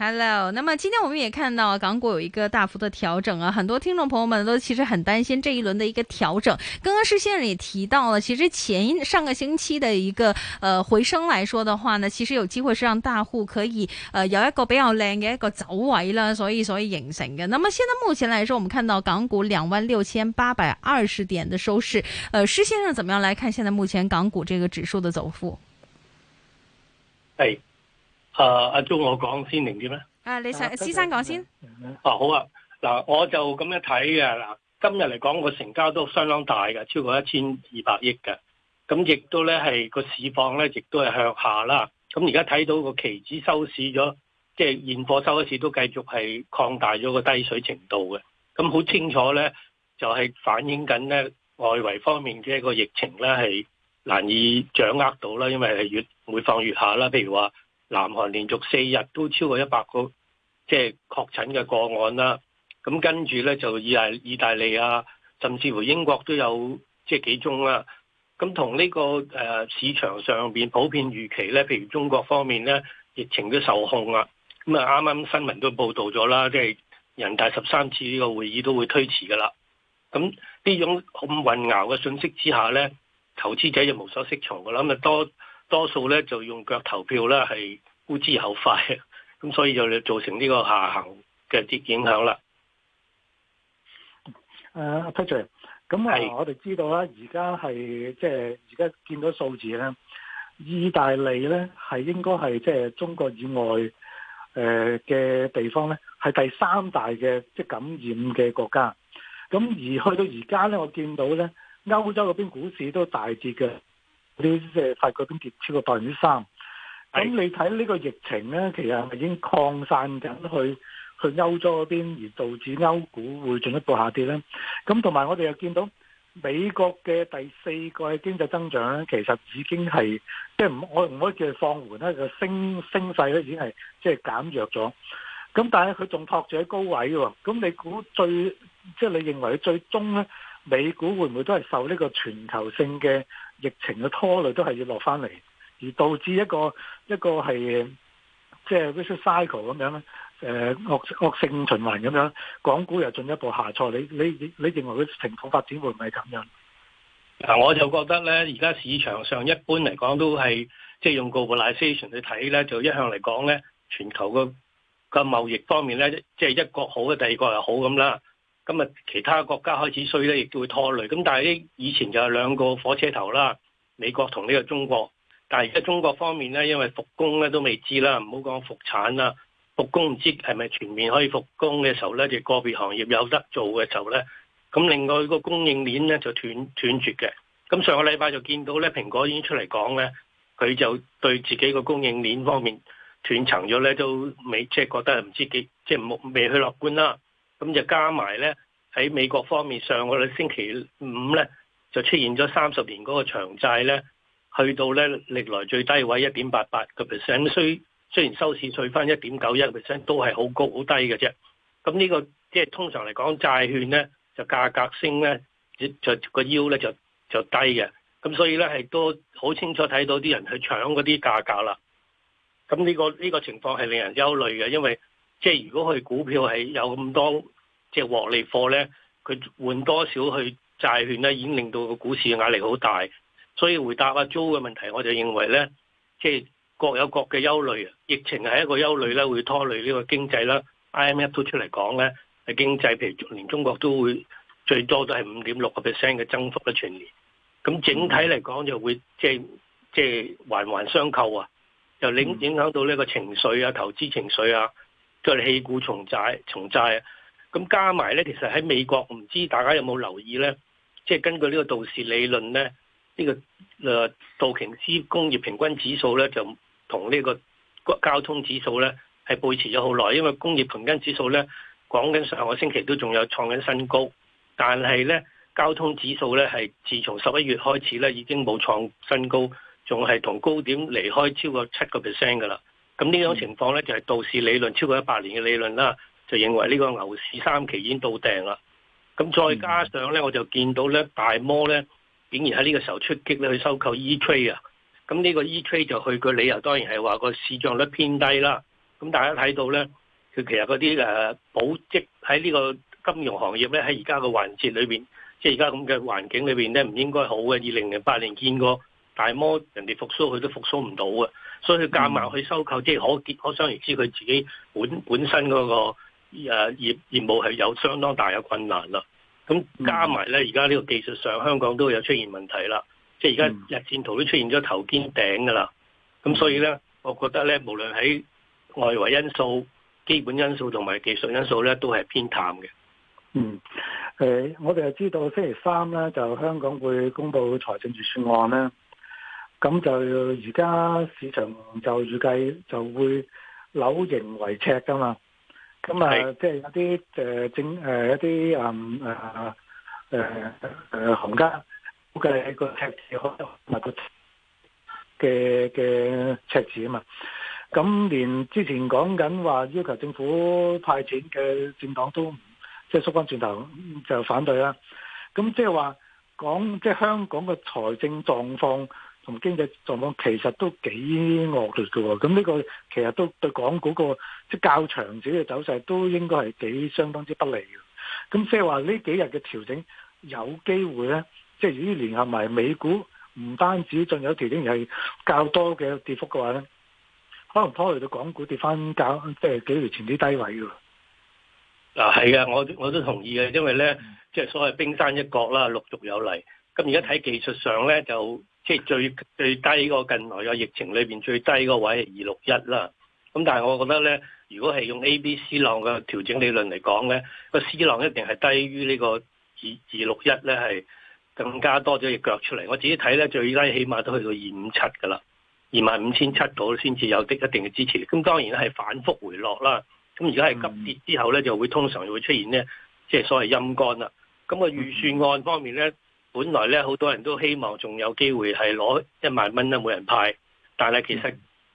Hello，那麼今天我們也看到港股有一個大幅的調整啊，很多聽眾朋友們都其實很擔心這一輪的一個調整。剛剛施先生也提到了，其實前上個星期的一個，呃回升來說的話呢，其實有機會是讓大戶可以，呃有一個比較靚嘅一個走位了。所以所以引成的。那麼現在目前來說，我們看到港股兩萬六千八百二十點的收市，呃施先生怎麼樣來看現在目前港股這個指數的走幅？誒。Hey. 誒阿鍾，啊、我講先定點咧？誒，你想施、啊、生講先？哦、啊，好啊！嗱，我就咁樣睇嘅。嗱，今日嚟講，個成交都相當大嘅，超過一千二百億嘅。咁亦都咧係個市況咧，亦都係向下啦。咁而家睇到個期指收市咗，即、就、係、是、現貨收市都繼續係擴大咗個低水程度嘅。咁好清楚咧，就係、是、反映緊咧外圍方面，嘅一個疫情咧係難以掌握到啦，因為係越每況愈下啦。譬如話。南韓連續四日都超過一百個，即係確診嘅個案啦。咁跟住咧就意大意大利啊，甚至乎英國都有即係幾宗啦。咁同呢個誒市場上邊普遍預期咧，譬如中國方面咧疫情都受控啦。咁啊啱啱新聞都報道咗啦，即係人大十三次呢個會議都會推遲噶啦。咁呢種咁混淆嘅信息之下咧，投資者就無所適從噶啦。咁啊多，多數咧就用腳投票咧，係沽之後快，咁所以就嚟造成呢個下行嘅啲影響啦。誒，Patrick，咁啊，我哋知道啦，而家係即係而家見到數字咧，意大利咧係應該係即係中國以外誒嘅、呃、地方咧，係第三大嘅即係感染嘅國家。咁而去到而家咧，我見到咧歐洲嗰邊股市都大跌嘅。啲即係法國嗰邊跌超過百分之三，咁你睇呢個疫情咧，其實係咪已經擴散緊去去歐洲嗰邊，而導致歐股會進一步下跌咧？咁同埋我哋又見到美國嘅第四季經濟增長咧，其實已經係即係唔我唔可以叫佢放緩咧，個升升勢咧已經係即係減弱咗。咁但係佢仲托住喺高位喎，咁你估最即係你認為最終咧，美股會唔會都係受呢個全球性嘅？疫情嘅拖累都係要落翻嚟，而導致一個一個係即係 vicious cycle 咁樣咧，誒、呃、惡惡性循環咁樣，港股又進一步下挫。你你你你認為個情況發展會唔會係咁樣？嗱，我就覺得咧，而家市場上一般嚟講都係即係用 globalisation 去睇咧，就一向嚟講咧，全球個個貿易方面咧，即、就、係、是、一個好嘅，第二個又好咁啦。咁啊，其他國家開始衰咧，亦都會拖累。咁但係以前就有兩個火車頭啦，美國同呢個中國。但係而家中國方面咧，因為復工咧都未知啦，唔好講復產啦，復工唔知係咪全面可以復工嘅時候咧，就個別行業有得做嘅時候咧，咁另外個供應鏈咧就斷斷絕嘅。咁上個禮拜就見到咧，蘋果已經出嚟講咧，佢就對自己個供應鏈方面斷層咗咧，都未即係覺得唔知幾即係冇未去樂觀啦。咁就加埋咧，喺美國方面，上個星期五咧就出現咗三十年嗰個長債咧，去到咧歷來最低位一點八八個 percent，雖雖然收市碎翻一點九一 percent，都係好高好低嘅啫。咁呢、呢個即係通常嚟講，債券咧就價格升咧，就個腰咧就就，就低嘅。咁所以咧係都好清楚睇到啲人去搶嗰啲價格啦。咁呢、呢個呢、呢個情況係令人憂慮嘅，因為即係、就係、如果佢股票係有咁多。即係獲利貨咧，佢換多少去債券咧，已經令到個股市嘅壓力好大。所以回答阿、啊、Jo 嘅問題，我就認為咧，即、就、係、是、各有各嘅憂慮啊。疫情係一個憂慮啦，會拖累呢個經濟啦。IMF 都出嚟講咧，係經濟譬如連中國都會最多都係五點六個 percent 嘅增幅啦，全年。咁整體嚟講就會即係即係環環相扣啊，又影影響到呢個情緒啊，投資情緒啊，即係棄股重債，重債、啊。咁加埋咧，其實喺美國，唔知大家有冇留意咧？即、就、係、是、根據呢個道氏理論咧，呢、這個誒、呃、道瓊斯工業平均指數咧，就同呢個交通指數咧係背馳咗好耐。因為工業平均指數咧講緊上個星期都仲有創緊新高，但係咧交通指數咧係自從十一月開始咧已經冇創新高，仲係同高點離開超過七個 percent 㗎啦。咁呢種情況咧就係、是、道氏理論超過一百年嘅理論啦。就認為呢個牛市三期已經到頂啦，咁再加上呢，我就見到呢大摩呢，竟然喺呢個時候出擊呢去收購 ETrade 啊，咁呢、er、個 ETrade、er、就去個理由當然係話個市漲率偏低啦，咁大家睇到呢，佢其實嗰啲誒保值喺呢個金融行業呢，喺而家個環節裏邊，即係而家咁嘅環境裏邊呢，唔應該好嘅。二零零八年見過大摩人哋復甦，佢都復甦唔到嘅，所以佢夾硬去收購，即係可見可想而知佢自己本本身嗰、那個。誒，業業務係有相當大嘅困難啦。咁加埋咧，而家呢個技術上香港都有出現問題啦。即係而家日線圖都出現咗頭肩頂噶啦。咁所以咧，我覺得咧，無論喺外圍因素、基本因素同埋技術因素咧，都係偏淡嘅。嗯，誒，我哋就知道星期三咧就香港會公布財政預算案咧。咁就而家市場就預計就會扭盈為赤噶嘛。咁啊，即係有啲誒政誒一啲嗯誒誒誒行家估計，係個赤字，可能唔係個嘅嘅赤字啊嘛。咁連之前講緊話要求政府派錢嘅政黨都唔，即係縮翻轉頭就反對啦。咁即係話講，即係香港嘅財政狀況。同經濟狀況其實都幾惡劣嘅喎，咁呢個其實都對港股個即係較長少少嘅走勢都應該係幾相當之不利嘅。咁即係話呢幾日嘅調整有機會咧，即係如果連合埋美股，唔單止仲有調整，而係較多嘅跌幅嘅話咧，可能拖累到港股跌返較即係幾年前啲低位嘅。嗱係嘅，我我都同意嘅，因為咧即係所謂冰山一角啦，陸續有嚟。咁而家睇技術上咧就。即係最最低個近來個疫情裏邊最低個位係二六一啦。咁但係我覺得咧，如果係用 A、B、C 浪嘅調整理論嚟講咧，個 C 浪一定係低於呢個二二六一咧，係更加多咗隻腳出嚟。我自己睇咧，最低起碼都去到二五七㗎啦，二萬五千七度先至有啲一定嘅支持。咁當然係反覆回落啦。咁而家係急跌之後咧，就會通常會出現咧，即係所謂陰乾啦。咁個預算案方面咧。本來咧，好多人都希望仲有機會係攞一萬蚊啦，每人派，但係其實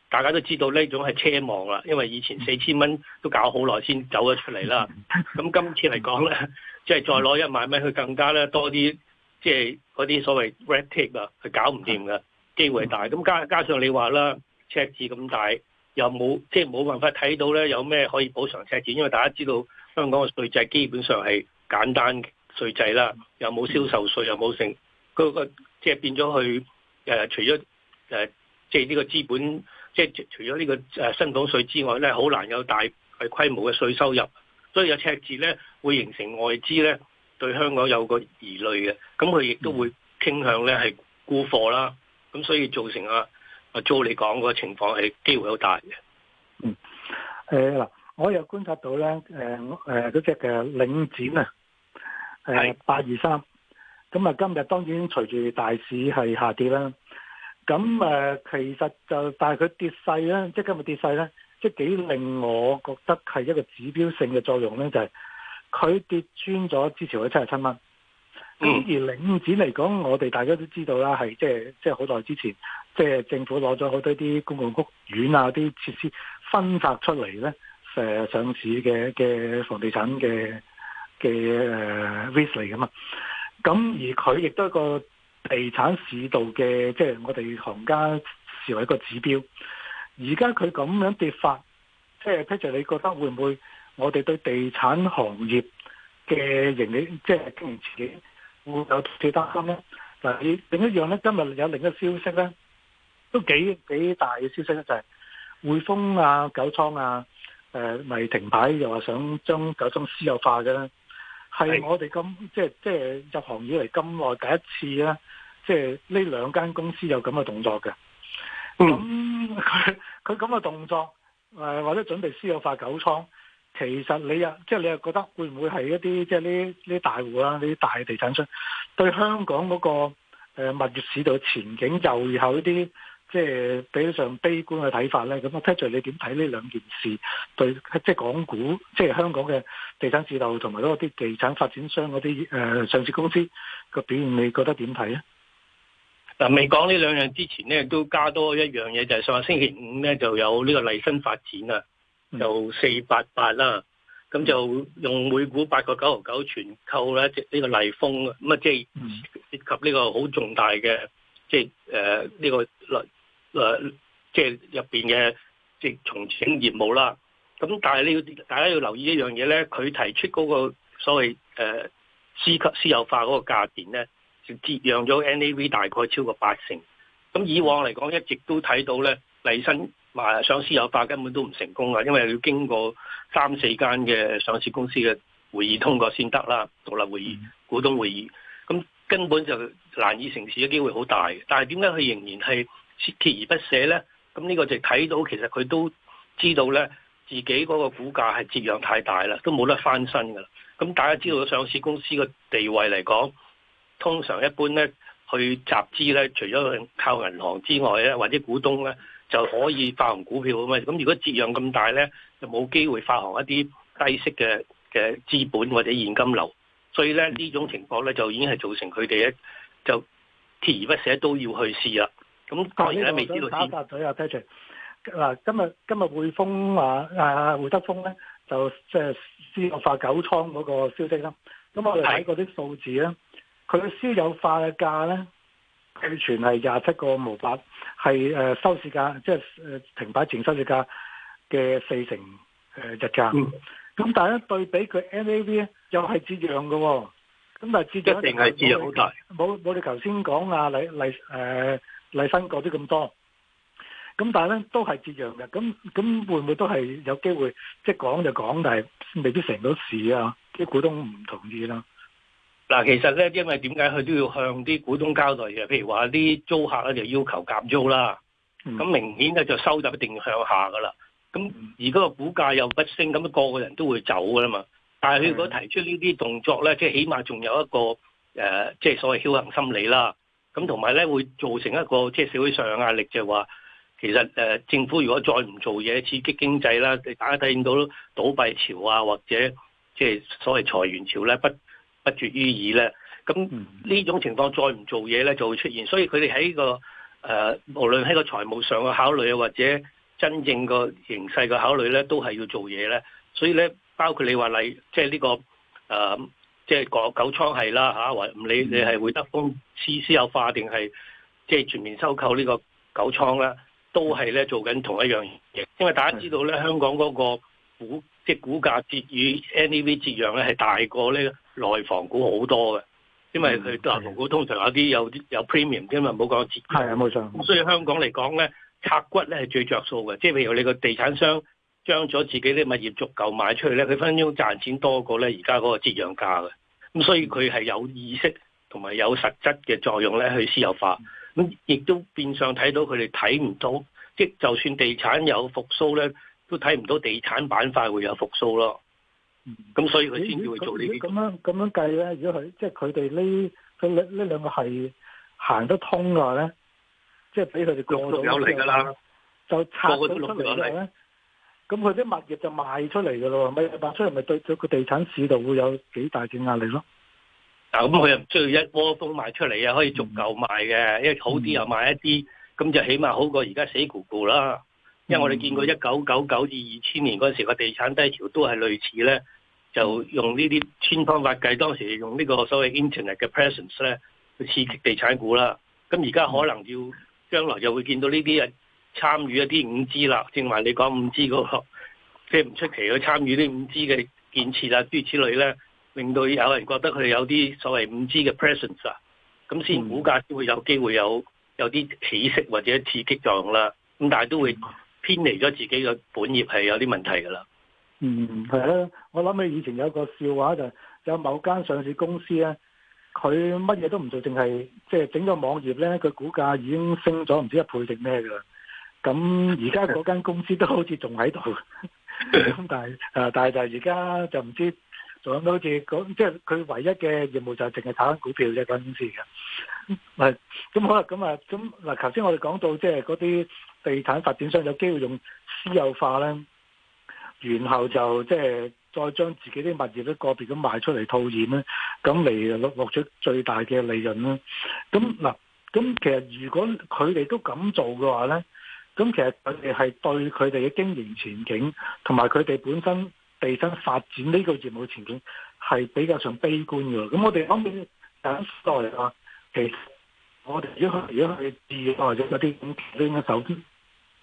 大家都知道呢種係奢望啦，因為以前四千蚊都搞好耐先走咗出嚟啦。咁今次嚟講咧，即係再攞一萬蚊，去更加咧多啲，即係嗰啲所謂 red tape 啊，佢搞唔掂嘅機會大。咁加加上你話啦，赤字咁大，又冇即係冇辦法睇到咧有咩可以補償赤字，因為大家知道香港嘅稅制基本上係簡單嘅。稅制啦，又冇銷售稅，又冇剩，嗰即係變咗佢誒，除咗誒，即係呢個資本，即係除咗呢個誒薪俸稅之外咧，好難有大規模嘅稅收入，所以有赤字咧，會形成外資咧對香港有個疑慮嘅，咁佢亦都會傾向咧係沽貨啦，咁所以造成阿阿 Jo 你講嗰個情況係機會好大嘅，嗯，誒、呃、嗱，我又觀察到咧，誒誒嗰隻嘅領展啊。誒，八二三，咁啊、呃嗯，今日當然隨住大市係下跌啦。咁、嗯、誒、呃，其實就但係佢跌勢咧，即係今日跌勢咧，即係幾令我覺得係一個指標性嘅作用咧，就係、是、佢跌穿咗之前嗰七十七蚊。嗯、而領展嚟講，我哋大家都知道啦，係即係即係好耐之前，即係政府攞咗好多啲公共屋苑啊啲設施分拆出嚟咧，誒、呃、上市嘅嘅房地產嘅。嘅誒 weekly 咁啊，咁而佢亦都係個地產市道嘅，即係我哋行家視為一個指標。而家佢咁樣跌法，即係 Peter，你覺得會唔會我哋對地產行業嘅盈利，即係經營自己會有幾擔心咧？嗱，另一樣咧，今日有另一個消息咧，都幾幾大嘅消息咧，就係匯豐啊、九倉啊，誒、呃，咪停牌，又話想將九倉私有化嘅咧。係我哋咁即係即係入行以嚟咁耐第一次咧，即係呢兩間公司有咁嘅動作嘅。咁佢佢咁嘅動作，誒、呃、或者準備私有化九倉，其實你又即係你又覺得會唔會係一啲即係呢呢啲大戶啦，呢啲大地產商對香港嗰、那個誒物業市道嘅前景就又有一啲？即係比較上悲觀嘅睇法咧，咁 Patrick 你點睇呢兩件事對即係、就是、港股，即、就、係、是、香港嘅地產市道同埋嗰啲地產發展商嗰啲誒上市公司個表現，你覺得點睇咧？嗱，未講呢兩樣之前咧，都加多一樣嘢，就係、是、上個星期五咧就有呢個麗新發展啊，就四八八啦，咁、嗯、就用每股八個九毫九全購咧，即係呢個麗豐咁啊，即係涉及呢個好重大嘅，即係誒呢個。誒、呃，即係入邊嘅即係重整業務啦。咁但係你要大家要留意一樣嘢咧，佢提出嗰個所謂誒私級私有化嗰個價錢咧，就折讓咗 N A V 大概超過八成。咁以往嚟講一直都睇到咧，麗新話想私有化根本都唔成功啊，因為要經過三四間嘅上市公司嘅會議通過先得啦，獨立會議、股東會議。咁根本就難以成事嘅機會好大。但係點解佢仍然係鍥而不捨呢？咁、這、呢個就睇到，其實佢都知道呢，自己嗰個股價係折讓太大啦，都冇得翻身噶。咁大家知道上市公司個地位嚟講，通常一般呢去集資呢，除咗靠銀行之外呢，或者股東呢，就可以發行股票啊嘛。咁如果折讓咁大呢，就冇機會發行一啲低息嘅嘅資本或者現金流。所以呢，呢種情況呢，就已經係造成佢哋呢，就鍥而不捨都要去試啦。咁我而家未知道打發咗啊 p a t 嗱，今日今日匯豐話誒會德豐咧，就即係、就是、私有化九倉嗰個消息啦。咁我睇過啲數字咧，佢是私有化嘅價咧，據傳係廿七個毫百，係、呃、誒收市價，即係誒停牌前收市價嘅四成誒、呃、日價。咁、嗯、但係對比佢 NAV 咧，又係折讓嘅。咁但係折讓一定係折得好大。冇冇沒？你頭先講啊，嚟嚟誒。啊。李生講啲咁多，咁但係咧都係折讓嘅，咁咁會唔會都係有機會即係講就講，但係未必成到事啊！啲股東唔同意啦。嗱，其實咧，因為點解佢都要向啲股東交代嘅？譬如話啲租客咧就要求減租啦，咁、嗯、明顯咧就收入一定要向下㗎啦。咁而嗰個股價又不升，咁、那個個人都會走㗎嘛。但係佢如果提出呢啲動作咧，即係起碼仲有一個誒、呃，即係所謂僥倖心理啦。咁同埋咧，會造成一個即係社會上嘅壓力就，就係話其實誒、呃、政府如果再唔做嘢，刺激經濟啦，大家睇見到倒閉潮啊，或者即係所謂裁員潮咧，不不絕於耳咧。咁呢種情況再唔做嘢咧，就會出現。所以佢哋喺個誒、呃，無論喺個財務上嘅考慮啊，或者真正個形勢嘅考慮咧，都係要做嘢咧。所以咧，包括你話例，即係呢、這個誒。呃即係、啊、個九倉係啦嚇，或唔理你係會德豐私私有化定係即係全面收購呢個九倉咧，都係咧做緊同一樣嘢。因為大家知道咧，是的 香港嗰個股即係股價折與 NAV 折讓咧，係大過呢內房股好多嘅。因為佢內房股是的 通常有啲有啲有 premium，因為唔好講折價。係啊，冇錯。咁所以香港嚟講咧，拆骨咧係最着數嘅。即係譬如你個地產商。將咗自己啲物業足夠賣出去咧，佢分鐘賺錢多過咧而家嗰個折讓價嘅，咁所以佢係有意識同埋有實質嘅作用咧去私有化，咁亦都變相睇到佢哋睇唔到，即就算地產有復甦咧，都睇唔到地產板塊會有復甦咯。咁、嗯、所以佢先至會做、欸這個、呢啲。咁樣咁樣計咧，如果佢即係佢哋呢，呢呢兩個係行得通嘅話咧，即係俾佢哋過到有嚟噶啦，就拆咗出嚟咧。六六六咁佢啲物業就賣出嚟噶咯，咪賣出嚟咪對咗個地產市道會有幾大嘅壓力咯。嗱、嗯，咁佢又唔需要一窩蜂賣出嚟啊，可以逐嚿賣嘅，因為好一好啲又賣一啲，咁就起碼好過而家死估估啦。因為我哋見過一九九九至二千年嗰陣時個地產低潮都係類似咧，就用呢啲千方百計，當時用呢個所謂 internet 嘅 presence 咧去刺激地產股啦。咁而家可能要將來又會見到呢啲嘢。參與一啲五 G 啦，正話你講五 G 嗰、那個，即係唔出奇去參與啲五 G 嘅建設啊，諸如此類咧，令到有人覺得佢哋有啲所謂五 G 嘅 presence 啊，咁先股價都會有機會有有啲起色或者刺激作用啦。咁但係都會偏離咗自己嘅本業係有啲問題㗎啦。嗯，係啊，我諗起以前有個笑話、就是，就有、是、某間上市公司咧，佢乜嘢都唔做，淨係即係整個網頁咧，佢股價已經升咗唔知一倍定咩㗎啦。咁而家嗰間公司都好似仲喺度，咁但係誒，但係就而家就唔知仲有好似嗰，即係佢唯一嘅業務就係淨係炒緊股票啫，間公司嘅。唔係，咁好啦，咁啊，咁嗱，頭先我哋講到即係嗰啲地產發展商有機會用私有化咧，然後就即係再將自己啲物業都個別咁賣出嚟套現咧，咁嚟攞獲取最大嘅利潤咧。咁嗱，咁其實如果佢哋都咁做嘅話咧，咁其實佢哋係對佢哋嘅經營前景，同埋佢哋本身地產發展呢個業務前景係比較上悲觀㗎。咁我哋後面等待啊，其實我哋如果如果去替代咗嗰啲咁，拎、啊、一手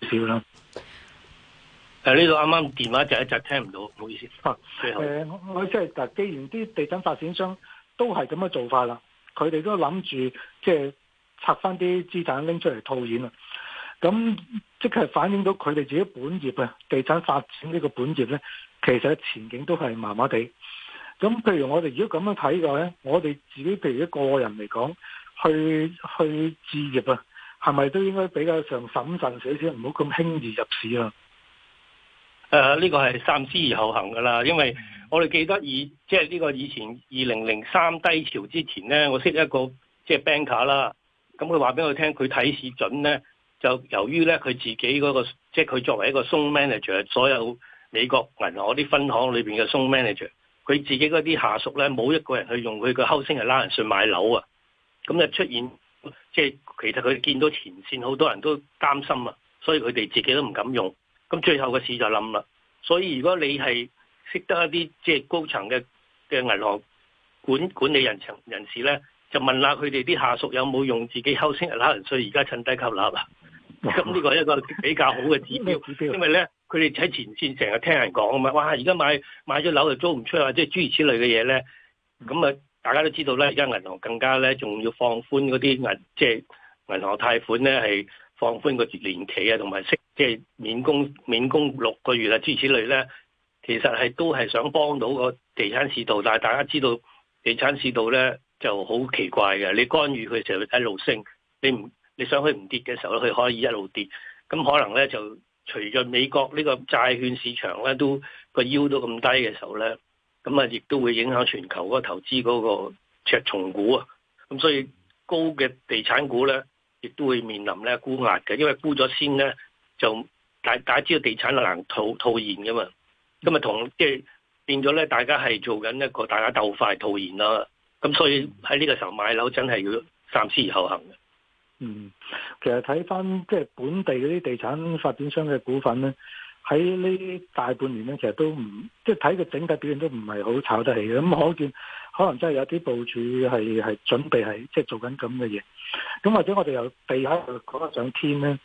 少啦。誒，呢度啱啱電話就一直聽唔到，唔好意思。誒後，我、啊呃、即係嗱，既然啲地產發展商都係咁嘅做法啦，佢哋都諗住即係拆翻啲資產拎出嚟套現啊。咁即係反映到佢哋自己本業啊，地產發展呢個本業咧，其實前景都係麻麻地。咁譬如我哋如果咁樣睇嘅話咧，我哋自己譬如一個人嚟講，去去置業啊，係咪都應該比較上審慎少少，唔好咁輕易入市啊？誒、呃，呢個係三思而後行嘅啦。因為我哋記得以即係呢個以前二零零三低潮之前咧，我識一個即係 banker 啦，咁佢話俾我聽，佢睇市準咧。就由於咧，佢自己嗰、嗰個即係佢作為一個 son manager，所有美國銀行嗰啲分行裏邊嘅 son manager，佢自己嗰啲下屬咧，冇一個人去用佢嘅抽升嘅拉人稅買樓啊，咁就出現即係、即係、其實佢見到前線好多人都擔心啊，所以佢哋自己都唔敢用，咁最後嘅事就冧啦。所以如果你係識得一啲即係高層嘅嘅銀行管理管理人層人士咧，就問下佢哋啲下屬有冇用自己抽升嘅拉人稅而家趁低購樓啊？咁呢個係一個比較好嘅指標， 因為咧呢，佢哋喺前線成日聽人講啊嘛，哇！而家買買咗樓就租唔出啊，即係諸如此類嘅嘢咧。咁啊，大家都知道咧，而家銀行更加咧，仲要放寬嗰啲銀，即係銀行貸款咧，係放寬個年期啊，同埋息，即係免工免供六個月啊，諸如此類咧。其實係都係想幫到個地產市道，但係大家知道地產市道咧就好奇怪嘅，你干預佢成日一路升，你唔？你想佢唔跌嘅時候咧，佢可以一路跌，咁可能咧就隨着美國呢個債券市場咧都個腰都咁低嘅時候咧，咁啊亦都會影響全球嗰個投資嗰個重估啊，咁所以高嘅地產股咧亦都會面臨咧沽壓嘅，因為沽咗先咧就大大家知道地產可能套套現嘅嘛，咁啊同即係變咗咧大家係做緊一個大家鬥快套現啦，咁所以喺呢個時候買樓真係要三思而後行。嗯，其實睇返即係本地嗰啲地產發展商嘅股份咧，喺呢大半年咧，其實都唔即係睇佢整體表現都唔係好炒得起嘅。咁、嗯、可見可能真係有啲部署係係準備係即係做緊咁嘅嘢。咁、嗯、或者我哋由地下講,講上天咧。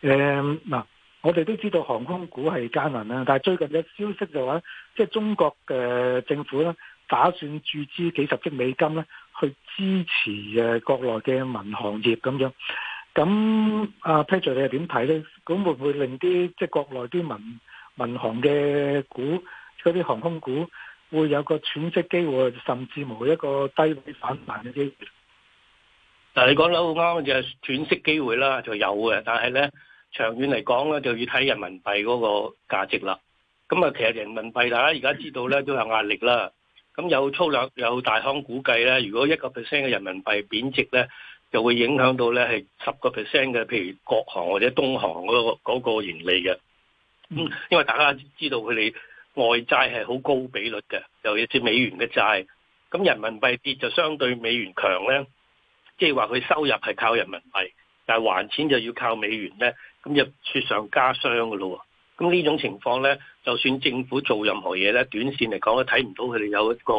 誒、嗯、嗱，我哋都知道航空股係艱難啦，但係最近嘅消息就話、係，即、就、係、係、中國嘅政府咧打算注資幾十億美金咧。去支持誒國內嘅民航業咁樣，咁阿 Patrick 你又點睇咧？咁會唔會令啲即係國內啲民民航嘅股，嗰啲航空股會有個喘息機會，甚至無一個低位反彈嘅機會？嗱，你講得好啱啊！就係喘息機會啦，就有嘅。但係咧，長遠嚟講咧，就要睇人民幣嗰個價值啦。咁啊，其實人民幣大家而家知道咧，都有壓力啦。咁有粗略有大行估計咧，如果一個 percent 嘅人民幣貶值咧，就會影響到咧係十個 percent 嘅，譬如國行或者東行嗰個、嗰個盈、嗰個、利嘅、嗯。因為大家知道佢哋外債係好高比率嘅，尤其是美元嘅債。咁人民幣跌就相對美元強咧，即係話佢收入係靠人民幣，但係還錢就要靠美元咧，咁就雪上加霜噶咯。咁呢種情況咧，就算政府做任何嘢咧，短線嚟講咧，睇唔到佢哋有一個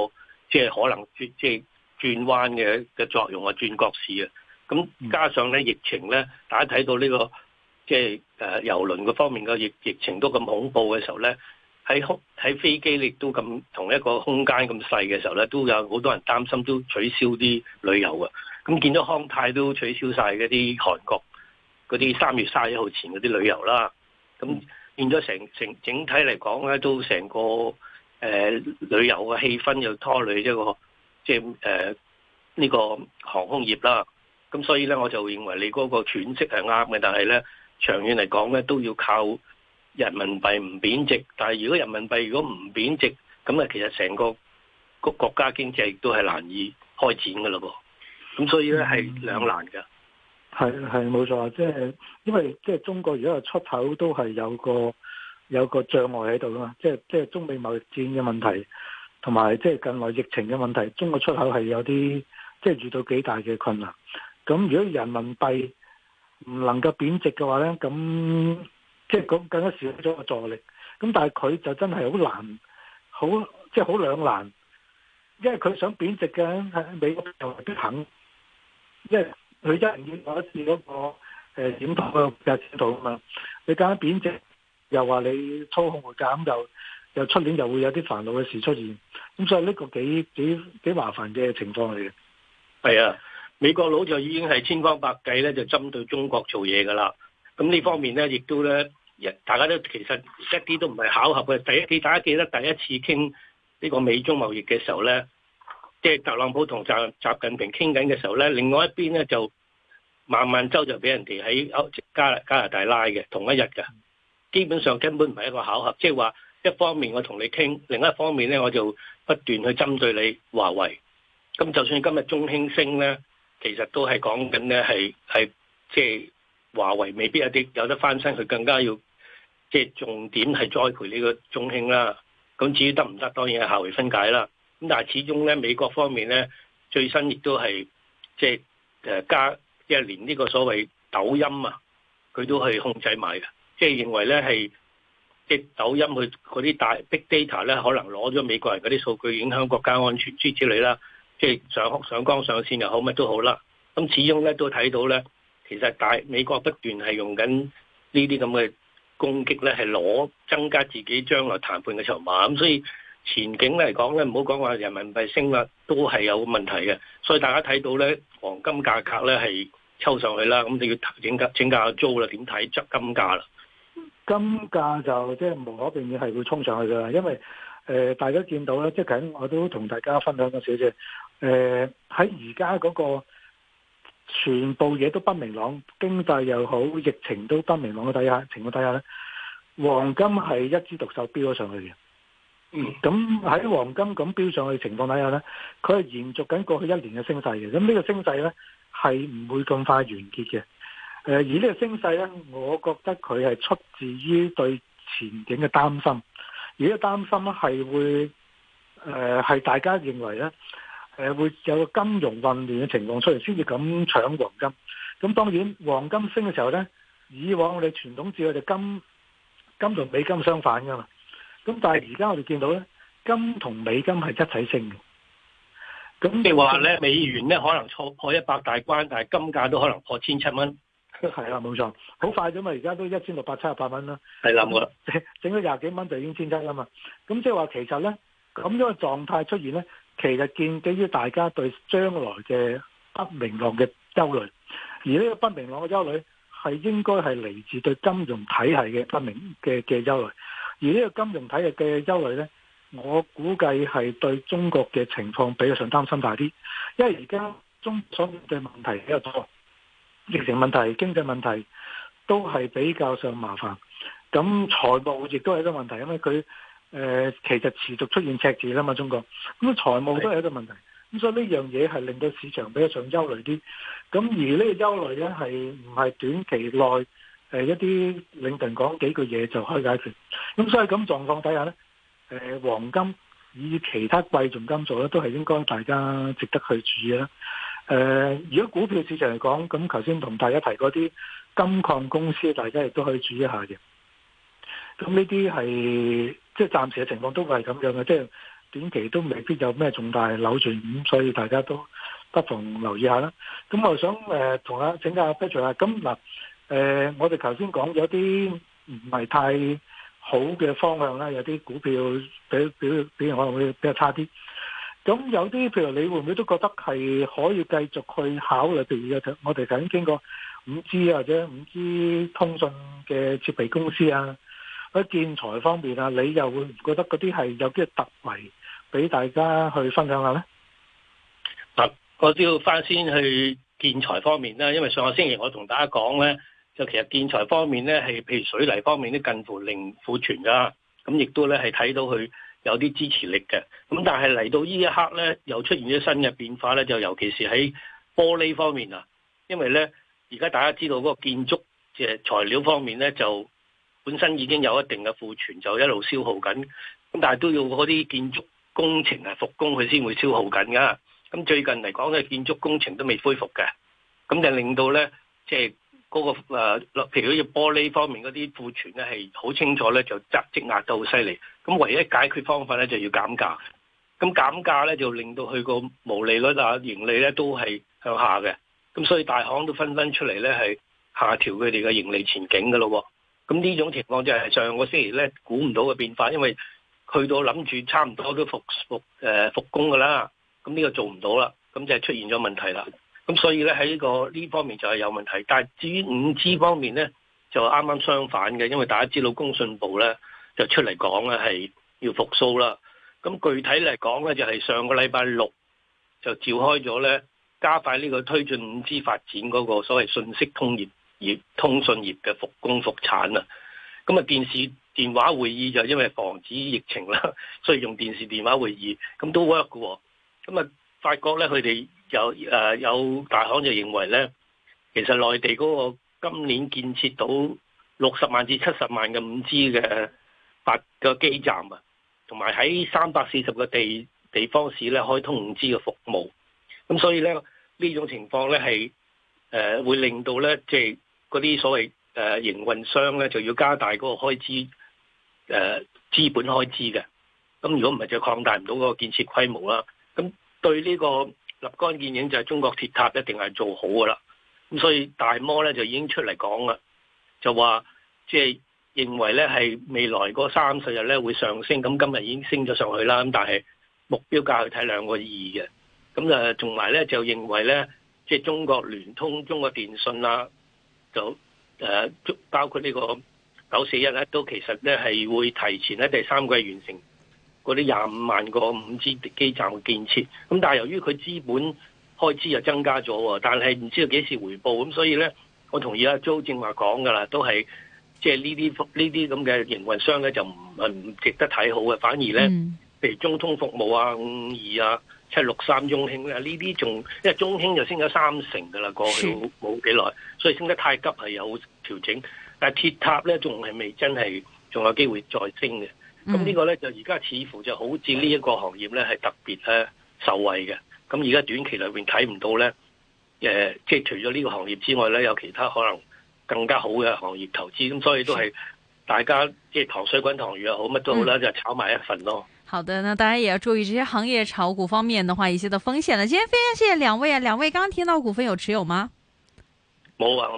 即係、即係、可能轉即係轉彎嘅嘅作用啊，轉角市啊。咁加上咧疫情咧，大家睇到呢、呢個即係誒遊輪嘅方面嘅疫疫情都咁恐怖嘅時候咧，喺空喺飛機亦都咁同一個空間咁細嘅時候咧，都有好多人擔心都取消啲旅遊啊。咁見到康泰都取消晒嗰啲韓國嗰啲三月卅一號前嗰啲旅遊啦，咁。變咗成成整體嚟講咧，都成個誒、呃、旅遊嘅氣氛又拖累一、這個即係誒呢個航空業啦。咁所以咧，我就認為你嗰個喘息係啱嘅，但係咧長遠嚟講咧，都要靠人民幣唔貶值。但係如果人民幣如果唔貶值，咁啊其實成個個國家經濟都係難以開展㗎喇喎。咁所以咧係兩難㗎。係係冇錯，即係、就是、因為即係、就是、中國如果係出口都係有個有個障礙喺度啦，即係即係中美貿易戰嘅問題，同埋即係近來疫情嘅問題，中國出口係有啲即係遇到幾大嘅困難。咁如果人民幣唔能夠貶值嘅話咧，咁即係更更加少咗個助力。咁但係佢就真係好難，好即係好兩難，因為佢想貶值嘅喺美國又未必肯，因為。佢一唔要我試嗰個誒點圖嘅價點圖啊嘛，你講緊貶值，又話你操控匯價咁，又出年就會有啲煩惱嘅事出現，咁所以呢個幾幾幾麻煩嘅情況嚟嘅。係啊，美國佬就已經係千方百計咧，就針對中國做嘢㗎啦。咁呢方面咧，亦都咧，大家都其實一啲都唔係巧合嘅。第一，大家記得第一次傾呢個美中貿易嘅時候咧。即係特朗普同習習近平傾緊嘅時候咧，另外一邊咧就孟晚舟就俾人哋喺歐加加拿大拉嘅，同一日嘅，基本上根本唔係一個巧合。即係話一方面我同你傾，另一方面咧我就不斷去針對你華為。咁就算今日中興升咧，其實都係講緊咧係係即係華為未必有啲有得翻身，佢更加要即係、就是、重點係栽培呢個中興啦。咁至於得唔得，當然係下回分解啦。咁但係始終咧，美國方面咧，最新亦都係即係誒、呃、加即係連呢個所謂抖音啊，佢都係控制埋㗎，即係認為咧係即係抖音佢嗰啲大 big data 咧，可能攞咗美國人嗰啲數據影響國家安全之類啦，即係上上綱上線又好，乜都好啦。咁始終咧都睇到咧，其實大美國不斷係用緊呢啲咁嘅攻擊咧，係攞增加自己將來談判嘅籌碼，咁所以。前景嚟講咧，唔好講話人民幣升啦，都係有問題嘅。所以大家睇到咧，黃金價格咧係抽上去啦。咁你要整價整價租啦，點睇金價啦？金價就即係無可避免係會衝上去噶，因為誒、呃，大家見到咧，即係我都同大家分享過少少。誒、呃，喺而家嗰個全部嘢都不明朗，經濟又好，疫情都不明朗嘅底下情況底下咧，黃金係一枝獨秀飆咗上去嘅。咁喺、嗯、黃金咁飆上去情況底下呢，佢係延續緊過去一年嘅升勢嘅，咁呢個升勢呢，係唔會咁快完結嘅。誒、呃，而呢個升勢呢，我覺得佢係出自於對前景嘅擔心，而呢個擔心係會誒係、呃、大家認為呢，誒、呃、會有金融混亂嘅情況出嚟，先至咁搶黃金。咁、呃、當然，黃金升嘅時候呢，以往我哋傳統之外就金，金同美金相反噶嘛。咁但係而家我哋見到咧，金同美金係一齊升嘅。咁你話咧，美元咧可能衝破一百大關，但係金價都可能破千七蚊。係啦，冇錯，好快咋嘛！而家都一千六百七十八蚊啦。係啦，冇啦，整咗廿幾蚊就已經千七啦嘛。咁即係話，其實咧，咁樣嘅狀態出現咧，其實建基於大家對將來嘅不明朗嘅憂慮。而呢個不明朗嘅憂慮係應該係嚟自對金融體系嘅不明嘅嘅憂慮。而呢個金融體系嘅憂慮呢，我估計係對中國嘅情況比較上擔心大啲，因為而家中國面對問題比較多，疫情問題、經濟問題都係比較上麻煩。咁財務亦都係一個問題，因為佢誒、呃、其實持續出現赤字啦嘛，中國咁財務都係一個問題。咁的所以呢樣嘢係令到市場比較上憂慮啲。咁而呢個憂慮呢，係唔係短期內，誒一啲領導講幾句嘢就可以解決，咁所以咁狀況底下咧，誒黃金以其他貴重金屬咧都係應該大家值得去注意啦。誒如果股票市場嚟講，咁頭先同大家提嗰啲金礦公司，大家亦都可以注意下嘅。咁呢啲係即係暫時嘅情況都係咁樣嘅，即係短期都未必有咩重大扭轉，咁所以大家都不妨留意下啦。咁我想誒同阿請教阿 Patrick 啊，咁嗱。誒、呃，我哋頭先講咗啲唔係太好嘅方向啦，有啲股票比比，比可能會比較差啲。咁有啲譬如你會唔會都覺得係可以繼續去考慮？譬如我哋頭先傾過五 G 或者五 G 通訊嘅設備公司啊，喺建材方面啊，你又會唔覺得嗰啲係有啲特圍俾大家去分享下咧？嗱、啊，我先要返先去建材方面啦，因為上個星期我同大家講咧。其實建材方面咧，係譬如水泥方面咧，近乎零庫存噶，咁亦都咧係睇到佢有啲支持力嘅。咁但係嚟到呢一刻咧，又出現咗新嘅變化咧，就尤其是喺玻璃方面啊，因為咧而家大家知道嗰個建築嘅材料方面咧，就本身已經有一定嘅庫存，就一路消耗緊。咁但係都要嗰啲建築工程係復工，佢先會消耗緊噶。咁最近嚟講咧，建築工程都未恢復嘅，咁就令到咧，即係。就是嗰、那個誒、呃，譬如好似玻璃方面嗰啲庫存咧，係好清楚咧，就積壓得好犀利。咁唯一解決方法咧，就要減價。咁減價咧，就令到佢個毛利率啊、盈利咧，都係向下嘅。咁所以大行都紛紛出嚟咧，係下調佢哋嘅盈利前景嘅咯。咁呢種情況就係上個星期咧，估唔到嘅變化，因為去到諗住差唔多都復復誒、呃、復工嘅啦。咁呢個做唔到啦，咁就係出現咗問題啦。咁所以咧，喺呢個呢方面就係有問題，但係至於五 G 方面咧，就啱啱相反嘅，因為大家知道工信部咧，就出嚟講咧係要復甦啦。咁具體嚟講咧，就係上個禮拜六就召開咗咧加快呢個推進五 G 發展嗰個所謂信息通業業通訊業嘅復工復產啊。咁啊電視電話會議就因為防止疫情啦，所以用電視電話會議，咁都 work 嘅喎。咁啊發覺咧佢哋。有誒有大行就認為咧，其實內地嗰個今年建設到六十萬至七十萬嘅五 G 嘅八個基站啊，同埋喺三百四十個地地方市咧開通五 G 嘅服務。咁所以咧呢種情況咧係誒會令到咧即係嗰啲所謂誒、呃、營運商咧就要加大嗰個開支誒、呃、資本開支嘅。咁如果唔係就擴大唔到嗰個建設規模啦。咁對呢、這個立竿見影就係中國鐵塔一定係做好㗎啦，咁所以大摩咧就已經出嚟講啦，就話即係認為咧係未來嗰三四日咧會上升，咁今日已經升咗上去啦，咁但係目標價去睇兩個二嘅，咁誒，同埋咧就認為咧，即係中國聯通、中國電信啊，就誒，包括呢個九四一咧，都其實咧係會提前咧第三季完成。嗰啲廿五萬個五 G 基站嘅建設，咁但係由於佢資本開支又增加咗，但係唔知道幾時回報，咁所以咧，我同意阿、啊、周正話講嘅啦，都係即係呢啲呢啲咁嘅營運商咧就唔係唔值得睇好嘅，反而咧，譬、嗯、如中通服務啊、五二啊、七六三中興啊呢啲仲，因為中興就升咗三成嘅啦，過去冇幾耐，所以升得太急係有調整，但係鐵塔咧仲係未真係仲有機會再升嘅。咁呢、嗯、個咧就而家似乎就好似呢一個行業咧係特別咧受惠嘅，咁而家短期裏面睇唔到咧，誒、呃，即係除咗呢個行業之外咧，有其他可能更加好嘅行業投資，咁是所以都係大家即係糖水滾糖魚又好，乜都好啦，嗯、就炒埋一份咯。好的，那大家也要注意這些行業炒股方面的話，一些的風險啦。今天非常謝謝兩位啊，兩位，剛剛聽到股份有持有嗎？冇啊。